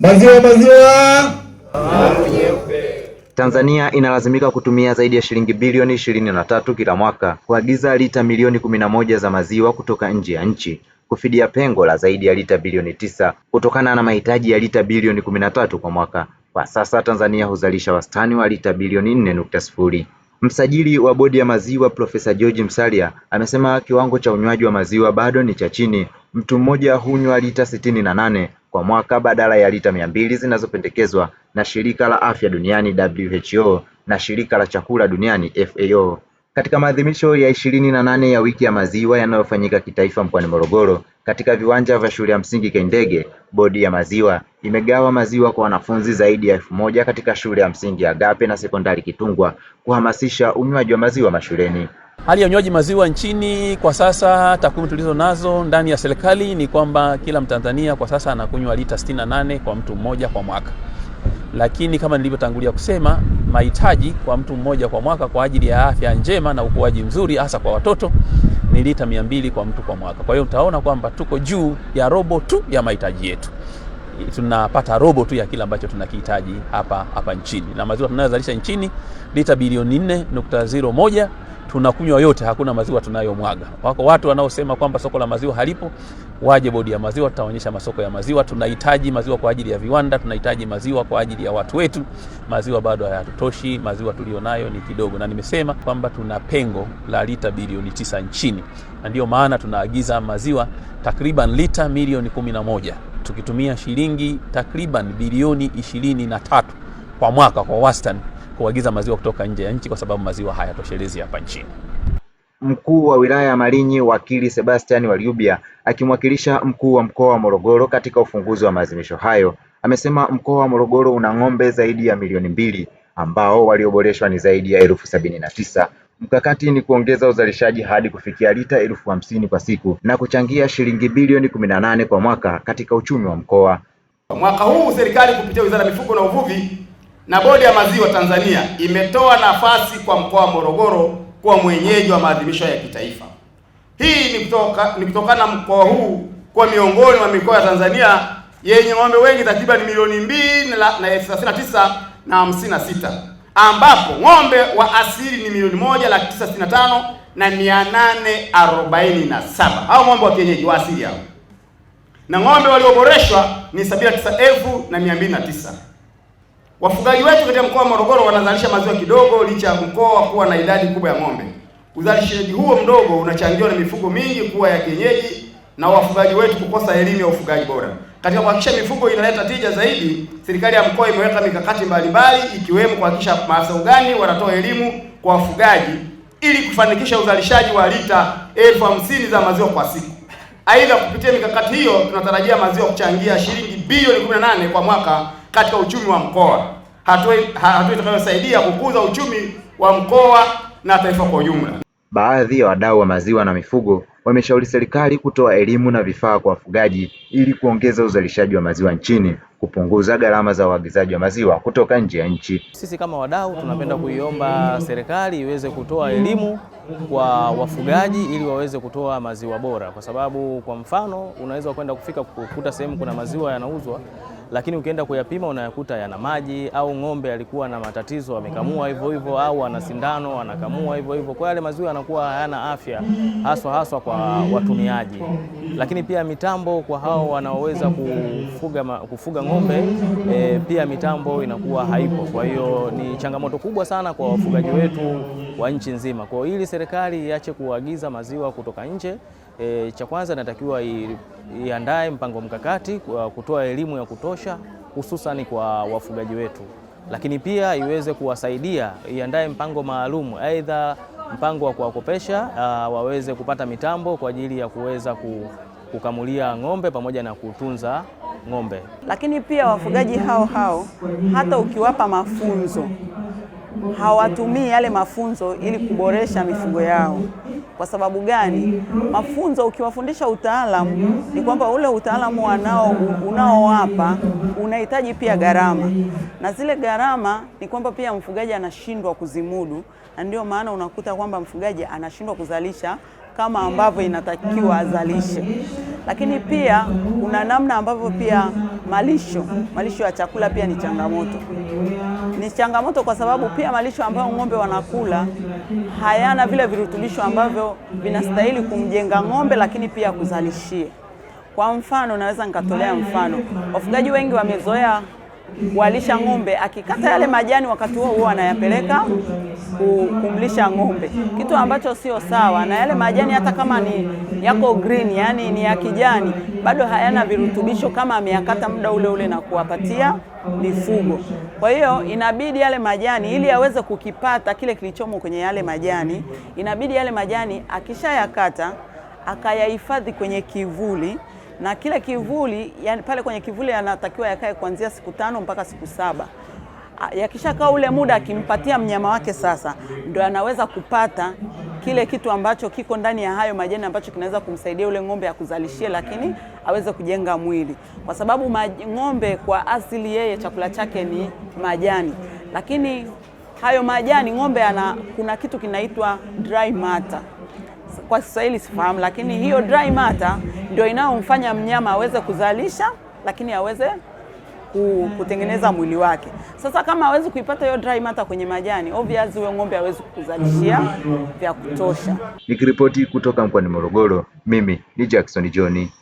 Maziwa maziwa. Tanzania inalazimika kutumia zaidi ya shilingi bilioni ishirini na tatu kila mwaka kuagiza lita milioni kumi na moja za maziwa kutoka nje ya nchi kufidia pengo la zaidi ya lita bilioni tisa kutokana na mahitaji ya lita bilioni kumi na tatu kwa mwaka. Kwa sasa Tanzania huzalisha wastani wa lita bilioni nne nukta sifuri. Msajili wa bodi ya maziwa Profesa George Msalia amesema kiwango cha unywaji wa maziwa bado ni cha chini, mtu mmoja hunywa lita sitini na nane kwa mwaka badala ya lita mia mbili zinazopendekezwa na Shirika la Afya Duniani WHO na Shirika la Chakula Duniani FAO. Katika maadhimisho ya ishirini na nane ya wiki ya maziwa yanayofanyika kitaifa mkoani Morogoro katika viwanja vya shule ya msingi Kendege, bodi ya maziwa imegawa maziwa kwa wanafunzi zaidi ya elfu moja katika shule ya msingi Agape na sekondari Kitungwa kuhamasisha unywaji wa maziwa mashuleni. Hali ya unywaji maziwa nchini kwa sasa, takwimu tulizo nazo ndani ya serikali ni kwamba kila Mtanzania kwa sasa anakunywa lita 68 kwa mtu mmoja kwa mwaka, lakini kama nilivyotangulia kusema, mahitaji kwa mtu mmoja kwa mwaka kwa ajili ya afya njema na ukuaji mzuri hasa kwa watoto ni lita 200 kwa mtu kwa mwaka. Kwa hiyo utaona kwamba tuko juu ya robo tu ya mahitaji yetu tunapata robo tu ya kile ambacho tunakihitaji hapa hapa nchini, na maziwa tunayozalisha nchini lita bilioni 4.01 tunakunywa yote, hakuna maziwa tunayomwaga. Wako watu wanaosema kwamba soko la maziwa halipo, waje bodi ya maziwa, tutaonyesha masoko ya maziwa. Tunahitaji maziwa kwa ajili ya viwanda, tunahitaji maziwa kwa ajili ya watu wetu. Maziwa bado hayatutoshi, maziwa tuliyonayo ni kidogo, na nimesema kwamba tuna pengo la lita bilioni tisa nchini, na ndiyo maana tunaagiza maziwa takriban lita milioni kumi na moja tukitumia shilingi takriban bilioni ishirini na tatu kwa mwaka kwa wastani kuagiza maziwa kutoka nje ya nchi kwa sababu maziwa hayatoshelezi hapa nchini. Mkuu wa wilaya ya Malinyi wakili Sebastian Waliubia, akimwakilisha mkuu wa mkoa wa Morogoro katika ufunguzi wa maadhimisho hayo amesema mkoa wa Morogoro una ng'ombe zaidi ya milioni mbili ambao walioboreshwa ni zaidi ya elfu sabini na tisa. Mkakati ni kuongeza uzalishaji hadi kufikia lita elfu hamsini kwa siku na kuchangia shilingi bilioni kumi na nane kwa mwaka katika uchumi wa mkoa. Mwaka huu serikali kupitia Wizara ya Mifugo na Uvuvi na Bodi ya Maziwa Tanzania imetoa nafasi kwa mkoa wa Morogoro kuwa mwenyeji wa maadhimisho ya kitaifa. Hii ni kutoka ni kutokana mkoa huu kuwa miongoni mwa mikoa ya Tanzania yenye ng'ombe wengi takriban milioni mbili na elfu thelathini na tisa na hamsini na sita ambapo ng'ombe wa asili ni milioni moja laki tisa sitini na tano na mia nane arobaini na saba hao ng'ombe wa kienyeji wa asili hao, na ng'ombe walioboreshwa ni elfu sabini na tisa na mia mbili na tisa. Wafugaji wetu katika mkoa wa Morogoro wanazalisha maziwa kidogo licha ya mkoa kuwa na idadi kubwa ya ng'ombe. Uzalishaji huo mdogo unachangiwa na mifugo mingi kuwa ya kienyeji na wafugaji wetu kukosa elimu ya ufugaji bora. Katika kuhakikisha mifugo inaleta tija zaidi, serikali ya mkoa imeweka mikakati mbalimbali ikiwemo kuhakikisha maafisa ugani wanatoa elimu kwa wafugaji ili kufanikisha uzalishaji wa lita elfu hamsini za maziwa kwa siku. Aidha, kupitia mikakati hiyo tunatarajia maziwa kuchangia shilingi bilioni 18 kwa mwaka katika uchumi wa mkoa, hatua itakayosaidia kukuza uchumi wa mkoa na taifa kwa ujumla. Baadhi ya wadau wa maziwa na mifugo wameshauri serikali kutoa elimu na vifaa kwa wafugaji ili kuongeza uzalishaji wa maziwa nchini, kupunguza gharama za uagizaji wa maziwa kutoka nje ya nchi. Sisi kama wadau tunapenda kuiomba serikali iweze kutoa elimu kwa wafugaji ili waweze kutoa maziwa bora, kwa sababu kwa mfano unaweza kwenda kufika kukuta sehemu kuna maziwa yanauzwa lakini ukienda kuyapima unayakuta yana maji, au ng'ombe alikuwa na matatizo amekamua hivyo hivyo, au ana sindano anakamua hivyo hivyo. Kwa yale maziwa yanakuwa hayana afya haswa haswa kwa watumiaji, lakini pia mitambo kwa hao wanaoweza kufuga, kufuga ng'ombe e, pia mitambo inakuwa haipo. Kwa hiyo ni changamoto kubwa sana kwa wafugaji wetu wa nchi nzima. Kwa hiyo ili serikali iache kuagiza maziwa kutoka nje, e, cha kwanza inatakiwa iandae mpango mkakati kwa kutoa elimu ya kutosha hususani kwa wafugaji wetu, lakini pia iweze kuwasaidia, iandae mpango maalum, aidha mpango wa kuwakopesha waweze kupata mitambo kwa ajili ya kuweza kukamulia ng'ombe pamoja na kutunza ng'ombe. Lakini pia wafugaji hao hao hata ukiwapa mafunzo hawatumii yale mafunzo ili kuboresha mifugo yao. Kwa sababu gani? Mafunzo ukiwafundisha utaalamu, ni kwamba ule utaalamu wanao unaowapa unahitaji pia gharama, na zile gharama ni kwamba pia mfugaji anashindwa kuzimudu, na ndio maana unakuta kwamba mfugaji anashindwa kuzalisha kama ambavyo inatakiwa azalishe. Lakini pia kuna namna ambavyo pia malisho malisho ya chakula pia ni changamoto ni changamoto kwa sababu pia malisho ambayo ng'ombe wanakula hayana vile virutubisho ambavyo vinastahili kumjenga ng'ombe, lakini pia kuzalishia. Kwa mfano, naweza nikatolea mfano, wafugaji wengi wamezoea kuwalisha ng'ombe, akikata yale majani wakati huo huo anayapeleka kumlisha ng'ombe, kitu ambacho sio sawa. Na yale majani hata kama ni yako green, yani ni ya kijani, bado hayana virutubisho kama ameyakata muda ule ule na kuwapatia mifugo. Kwa hiyo inabidi yale majani, ili aweze kukipata kile kilichomo kwenye yale majani, inabidi yale majani akishayakata akayahifadhi kwenye kivuli na kila kivuli yani, pale kwenye kivuli anatakiwa yakae kuanzia siku tano mpaka siku saba. Ah, yakishakaa ule muda, akimpatia mnyama wake sasa, ndo anaweza kupata kile kitu ambacho kiko ndani ya hayo majani ambacho kinaweza kumsaidia ule ng'ombe akuzalishie, lakini aweze kujenga mwili, kwa sababu ng'ombe kwa asili yeye chakula chake ni majani, lakini hayo majani ng'ombe ana, kuna kitu kinaitwa dry matter. Kwa Kiswahili sifahamu, lakini hiyo dry matter ndio inayomfanya mnyama aweze kuzalisha, lakini aweze kutengeneza mwili wake. Sasa kama hawezi kuipata hiyo dry matter kwenye majani, obviously huyo ng'ombe hawezi kukuzalishia vya kutosha. Nikiripoti kutoka mkoani Morogoro, mimi ni Jackson Johnny.